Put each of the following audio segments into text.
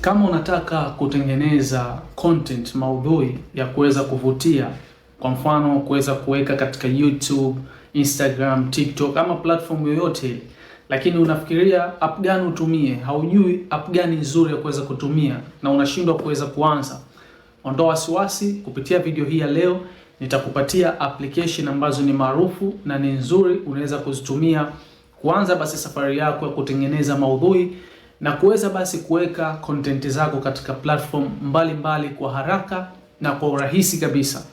Kama unataka kutengeneza content, maudhui ya kuweza kuvutia, kwa mfano kuweza kuweka katika YouTube, Instagram, TikTok ama platform yoyote, lakini unafikiria app gani utumie, haujui app gani nzuri ya kuweza kutumia na unashindwa kuweza kuanza, ondoa wasiwasi. Kupitia video hii ya leo, nitakupatia application ambazo ni maarufu na ni nzuri, unaweza kuzitumia kuanza basi safari yako ya kutengeneza maudhui na kuweza basi kuweka content zako katika platform mbalimbali mbali kwa haraka na kwa urahisi kabisa.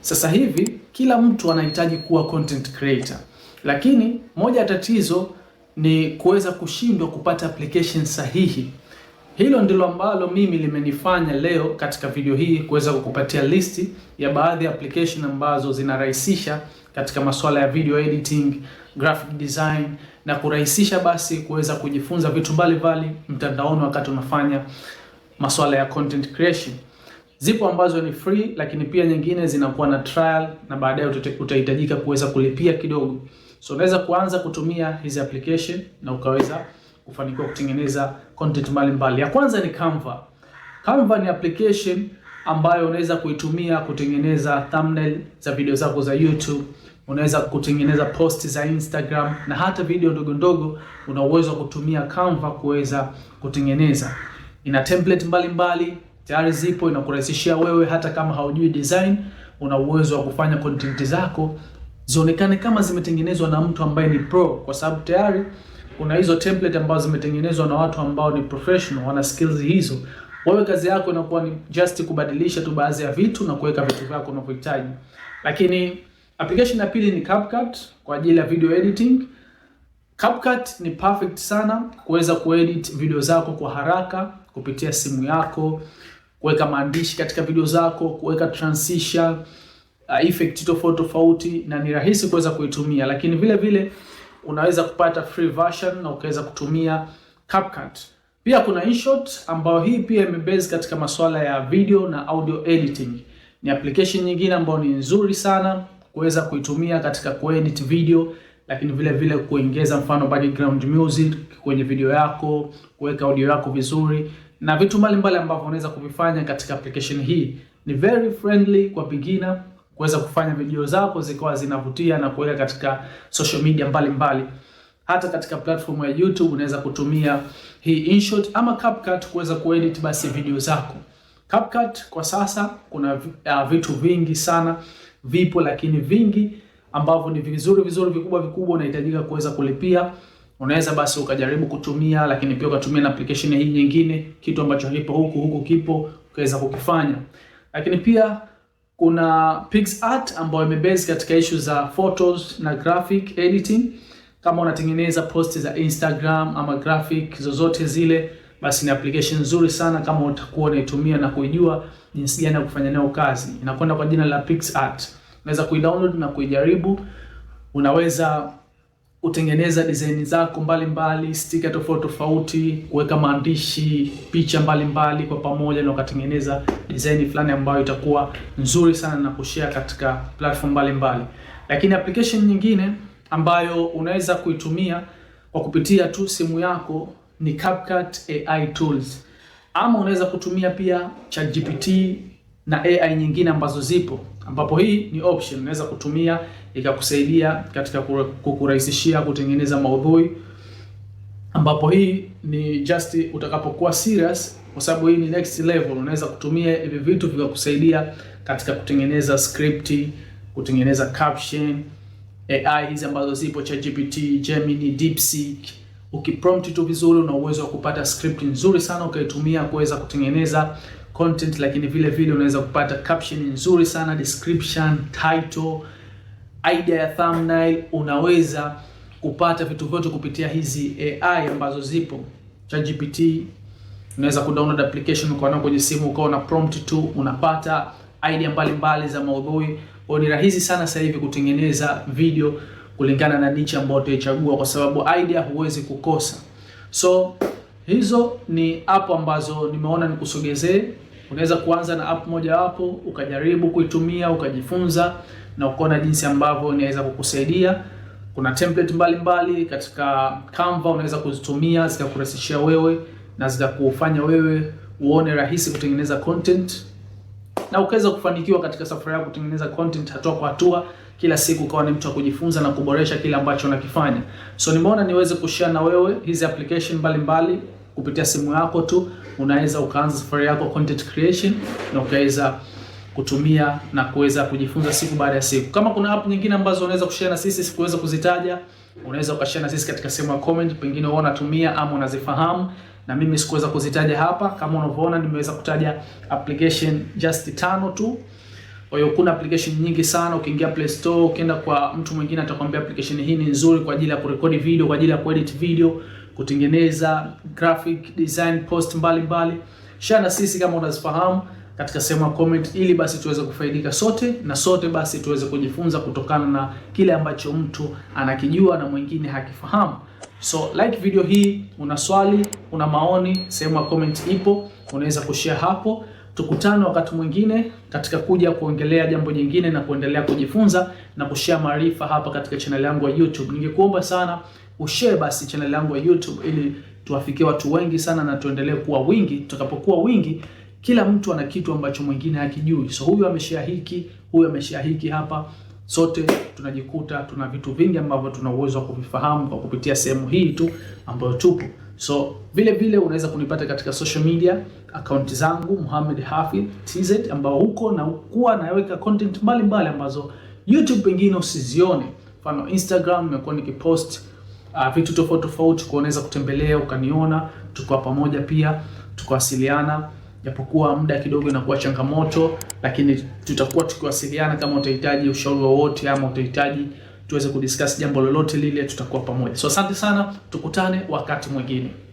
Sasa hivi kila mtu anahitaji kuwa content creator, lakini moja ya tatizo ni kuweza kushindwa kupata application sahihi. Hilo ndilo ambalo mimi limenifanya leo katika video hii kuweza kukupatia listi ya baadhi ya application ambazo zinarahisisha katika masuala ya video editing graphic design na kurahisisha basi kuweza kujifunza vitu mbalimbali mtandaoni wakati unafanya masuala ya content creation. Zipo ambazo ni free, lakini pia nyingine zinakuwa na trial na baadaye utahitajika kuweza kulipia kidogo. So unaweza kuanza kutumia hizi application na ukaweza kufanikiwa kutengeneza content mbalimbali. Ya kwanza ni Canva. Canva ni application ambayo unaweza kuitumia kutengeneza thumbnail za video zako za YouTube, unaweza kutengeneza posti za Instagram na hata video ndogo ndogo. Una uwezo wa kutumia Canva kuweza kutengeneza. Ina template mbalimbali tayari zipo, inakurahisishia wewe, hata kama haujui design, una uwezo wa kufanya content zako zionekane kama zimetengenezwa na mtu ambaye ni pro, kwa sababu tayari kuna hizo template ambazo zimetengenezwa na watu ambao ni professional, wana skills hizo. Wewe kazi yako inakuwa ni just kubadilisha tu baadhi ya vitu na kuweka vitu vyako unavyohitaji, lakini Application ya pili ni CapCut kwa ajili ya video editing. CapCut ni perfect sana kuweza kuedit video zako kwa haraka kupitia simu yako, kuweka maandishi katika video zako, kuweka transition, uh, effect tofauti tofauti, na ni rahisi kuweza kuitumia, lakini vile vile unaweza kupata free version na ukaweza kutumia CapCut. Pia kuna InShot ambayo hii pia imebase katika masuala ya video na audio editing. Ni application nyingine ambayo ni nzuri sana kuweza kuitumia katika kuedit video, lakini vile vile kuongeza mfano background music kwenye video yako, kuweka audio yako vizuri na vitu mbalimbali ambavyo unaweza kuvifanya katika application hii. Ni very friendly kwa beginner kuweza kufanya video zako zikawa zinavutia na kuweka katika social media mbalimbali mbali. Hata katika platform ya YouTube unaweza kutumia hii InShot ama CapCut kuweza kuedit basi video zako. CapCut kwa sasa kuna uh, vitu vingi sana vipo, lakini vingi ambavyo ni vizuri vizuri vikubwa vikubwa unahitajika kuweza kulipia. Unaweza basi ukajaribu kutumia, lakini pia ukatumia na application hii nyingine, kitu ambacho kipo huku huku kipo, ukaweza kukifanya. Lakini pia kuna PixArt ambayo imebase katika issue za photos na graphic editing. Kama unatengeneza post za Instagram ama graphic zozote zile, basi ni application nzuri sana kama utakuwa unaitumia na kuijua jinsi gani ya kufanya nayo kazi. Inakwenda kwa jina la PixArt. Unaweza kuidownload na kuijaribu. Unaweza kutengeneza design zako mbalimbali, sticker tofauti tofauti, kuweka maandishi, picha mbalimbali mbali, kwa pamoja na ukatengeneza design fulani ambayo itakuwa nzuri sana na kushare katika platform mbalimbali. Lakini application nyingine ambayo unaweza kuitumia kwa kupitia tu simu yako ni CapCut AI Tools, ama unaweza kutumia pia ChatGPT na AI nyingine ambazo zipo, ambapo hii ni option unaweza kutumia ikakusaidia katika kukurahisishia kutengeneza maudhui, ambapo hii ni just utakapokuwa serious, kwa sababu hii ni next level. Unaweza kutumia hivi vitu vikakusaidia katika kutengeneza script, kutengeneza caption. AI hizi ambazo zipo ChatGPT, Gemini, DeepSeek ukiprompt tu vizuri, una uwezo wa kupata script nzuri sana ukaitumia kuweza kutengeneza content, lakini vile vile unaweza kupata caption nzuri sana, description, title, idea ya thumbnail. Unaweza kupata vitu vyote kupitia hizi AI ambazo zipo. ChatGPT unaweza kudownload application nao kwenye simu ukawa na prompt tu unapata idea mbalimbali za maudhui. Ni rahisi sana sasa hivi kutengeneza video kulingana na niche ambayo utaichagua, kwa sababu idea huwezi kukosa so Hizo ni app ambazo nimeona nikusogezee. Unaweza kuanza na app moja wapo ukajaribu kuitumia ukajifunza na ukaona jinsi ambavyo inaweza kukusaidia. Kuna template mbalimbali mbali, katika Canva unaweza kuzitumia zikakurahisishia wewe na zikakufanya wewe uone rahisi kutengeneza content na ukaweza kufanikiwa katika safari yako kutengeneza content hatua kwa hatua, kila siku ukawa ni mtu wa kujifunza na kuboresha kile ambacho unakifanya. So nimeona niweze kushare na wewe hizi application mbalimbali mbali kupitia simu yako tu unaweza ukaanza safari yako content creation na ukaweza kutumia na kuweza kujifunza siku baada ya siku. Kama kuna app nyingine ambazo unaweza kushare na sisi sikuweza kuzitaja, unaweza ukashare na sisi katika sehemu ya comment, pengine wewe unatumia ama unazifahamu na mimi sikuweza kuzitaja hapa. Kama unavyoona, nimeweza kutaja application just tano tu. Kwa hiyo kuna application nyingi sana. Ukiingia Play Store, ukienda kwa mtu mwingine atakwambia application hii ni nzuri kwa ajili ya kurekodi video, kwa ajili ya kuedit video, kutengeneza graphic design post mbalimbali. Share na sisi kama unazifahamu katika sehemu ya comment, ili basi tuweze kufaidika sote na sote basi tuweze kujifunza kutokana na kile ambacho mtu anakijua na mwingine hakifahamu. So like video hii, una swali, una maoni, sehemu ya comment ipo, unaweza kushare hapo. Tukutane wakati mwingine katika kuja kuongelea jambo jingine na kuendelea kujifunza na kushare maarifa hapa katika channel yangu ya YouTube. Ningekuomba sana ushare basi channel yangu ya YouTube ili tuwafikie watu wengi sana na tuendelee kuwa wingi. Tutakapokuwa wingi, kila mtu ana kitu ambacho mwingine hakijui. So huyu ameshare hiki, huyu ameshare hiki hapa sote tunajikuta tuna vitu vingi ambavyo tuna uwezo wa kuvifahamu kwa kupitia sehemu hii tu ambayo tupo. So vile vile unaweza kunipata katika social media account zangu Muhammad Hafidh TZ, ambao huko na kuwa naweka content mbalimbali ambazo YouTube pengine usizione, mfano Instagram nimekuwa nikipost uh, vitu tofauti tofauti, kwa unaweza kutembelea ukaniona, tukawa pamoja pia tukawasiliana, japokuwa muda kidogo inakuwa changamoto, lakini tutakuwa tukiwasiliana. Kama utahitaji ushauri wowote ama utahitaji tuweze kudiscuss jambo lolote lile, tutakuwa pamoja. So asante sana, tukutane wakati mwingine.